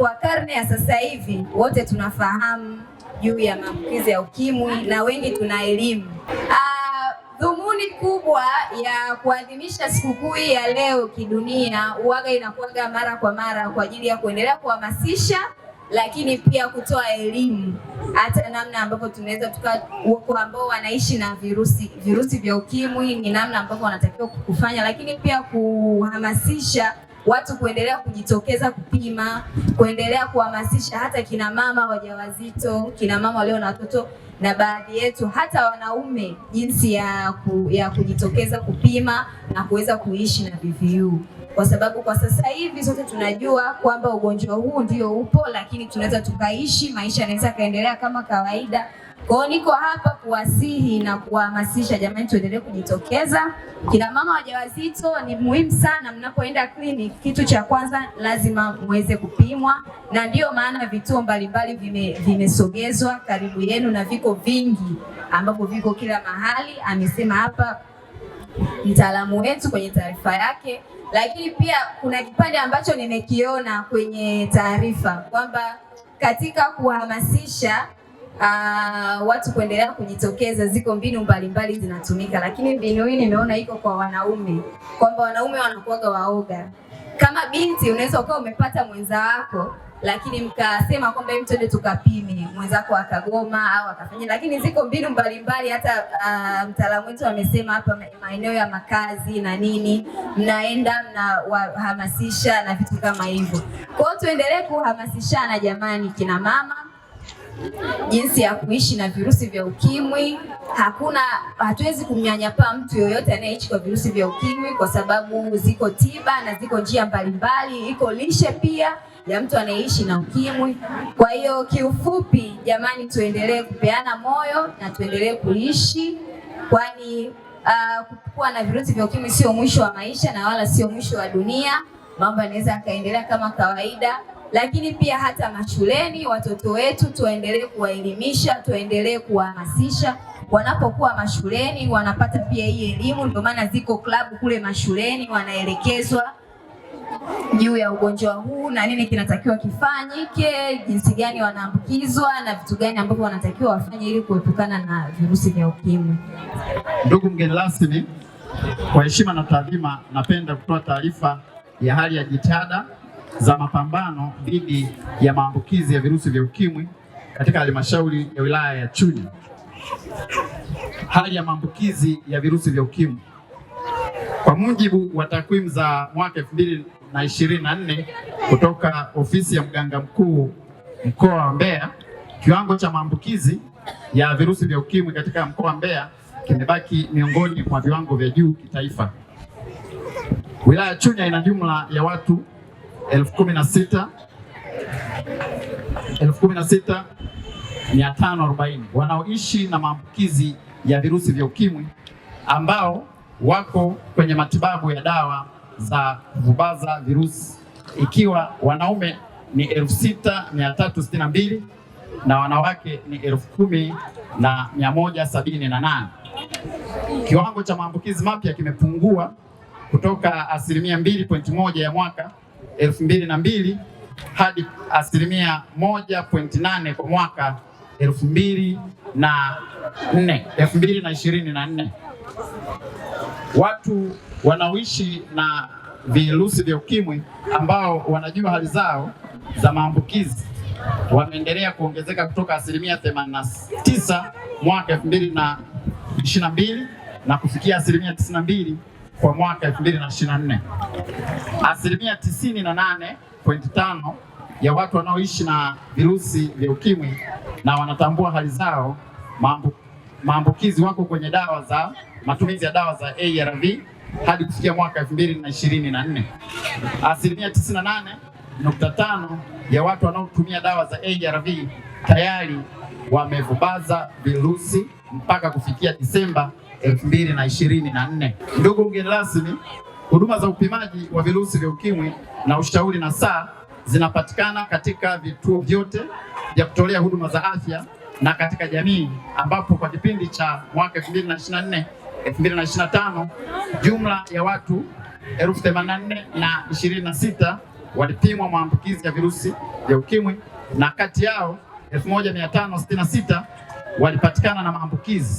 Kwa karne ya sasa hivi wote tunafahamu juu ya maambukizi ya UKIMWI na wengi tuna elimu. Ah, dhumuni kubwa ya kuadhimisha sikukuu ya leo kidunia uwaga inakuwaga mara kwa mara kwa ajili ya kuendelea kuhamasisha, lakini pia kutoa elimu hata namna ambavyo tunaweza tuka wako ambao wanaishi na virusi virusi vya UKIMWI ni namna ambavyo wanatakiwa kufanya, lakini pia kuhamasisha watu kuendelea kujitokeza kupima, kuendelea kuhamasisha hata kina mama wajawazito, kina mama walio na watoto na baadhi yetu hata wanaume, jinsi ya, ku, ya kujitokeza kupima na kuweza kuishi na VVU, kwa sababu kwa sasa hivi sote tunajua kwamba ugonjwa huu ndio upo, lakini tunaweza tukaishi maisha yanaweza kaendelea kama kawaida kwa hiyo niko hapa kuwasihi na kuwahamasisha, jamani, tuendelee kujitokeza. Kina mama wajawazito ni muhimu sana, mnapoenda kliniki, kitu cha kwanza lazima muweze kupimwa, na ndiyo maana vituo mbalimbali vimesogezwa vime karibu yenu na viko vingi ambapo viko kila mahali, amesema hapa mtaalamu wetu kwenye taarifa yake. Lakini pia kuna kipande ambacho nimekiona kwenye taarifa kwamba katika kuhamasisha Ah, watu kuendelea kujitokeza. Ziko mbinu mbalimbali zinatumika, lakini mbinu hii nimeona iko kwa wanaume, kwamba wanaume wanakuwaga waoga. Kama binti unaweza ukawa umepata mwenza wako lakini mkasema kwamba hebu twende tukapime, mwenzako akagoma au akafanya. Lakini ziko mbinu mbalimbali, hata uh, mtaalamu wetu amesema hapa, maeneo ya makazi na nini, mnaenda mnawahamasisha na vitu kama hivyo. Kwa hiyo tuendelee kuhamasishana jamani, kina mama jinsi ya kuishi na virusi vya ukimwi. Hakuna, hatuwezi kumnyanyapaa mtu yoyote anayeishi kwa virusi vya ukimwi, kwa sababu ziko tiba na ziko njia mbalimbali, iko lishe pia ya mtu anayeishi na ukimwi. Kwa hiyo kiufupi, jamani, tuendelee kupeana moyo na tuendelee kuishi, kwani uh, kuwa na virusi vya ukimwi sio mwisho wa maisha na wala sio mwisho wa dunia. Mambo yanaweza yakaendelea kama kawaida lakini pia hata mashuleni watoto wetu tuendelee kuwaelimisha, tuendelee kuwahamasisha wanapokuwa mashuleni, wanapata pia hii elimu. Ndio maana ziko klabu kule mashuleni, wanaelekezwa juu ya ugonjwa huu na nini kinatakiwa kifanyike, jinsi gani wanaambukizwa na vitu gani ambavyo wanatakiwa wafanye ili kuepukana na virusi vya UKIMWI. Ndugu mgeni rasmi, kwa heshima na taadhima, napenda kutoa taarifa ya hali ya jitihada za mapambano dhidi ya maambukizi ya virusi vya ukimwi katika halmashauri ya wilaya ya Chunya. Hali ya maambukizi ya virusi vya ukimwi kwa mujibu wa takwimu za mwaka na nne kutoka ofisi ya mganga mkuu mkoa wa Mbeya, kiwango cha maambukizi ya virusi vya ukimwi katika mkoa wa Mbeya kimebaki miongoni mwa viwango vya juu kitaifa. Wilaya Chunya ina jumla ya watu elfu kumi na sita elfu kumi na sita mia tano arobaini wanaoishi na maambukizi ya virusi vya ukimwi ambao wako kwenye matibabu ya dawa za kuvubaza virusi, ikiwa wanaume ni elfu sita mia tatu sitini na mbili na wanawake ni elfu kumi na mia moja sabini na nane. Kiwango cha maambukizi mapya kimepungua kutoka asilimia 2.1 ya mwaka elfu mbili na mbili hadi asilimia moja pointi nane kwa mwaka elfu mbili na nne elfu mbili na ishirini na nne. Watu wanaoishi na virusi vya ukimwi ambao wanajua hali zao za maambukizi wameendelea kuongezeka kutoka asilimia 89 mwaka 2022 na kufikia asilimia 92 kwa mwaka 2024. Asilimia 98.5 ya watu wanaoishi na virusi vya ukimwi na wanatambua hali zao maambukizi wako kwenye dawa za matumizi ya dawa za ARV hadi kufikia mwaka 2024. Asilimia 98.5 ya watu wanaotumia dawa za ARV tayari wamevubaza virusi mpaka kufikia Disemba elfu mbili na ishirini na nne. Ndugu mgeni rasmi, huduma za upimaji wa virusi vya ukimwi na ushauri na saa zinapatikana katika vituo vyote vya kutolea huduma za afya na katika jamii ambapo kwa kipindi cha mwaka 2024 2025 jumla ya watu elfu na walipimwa maambukizi ya virusi vya ukimwi na kati yao 1566 walipatikana na maambukizi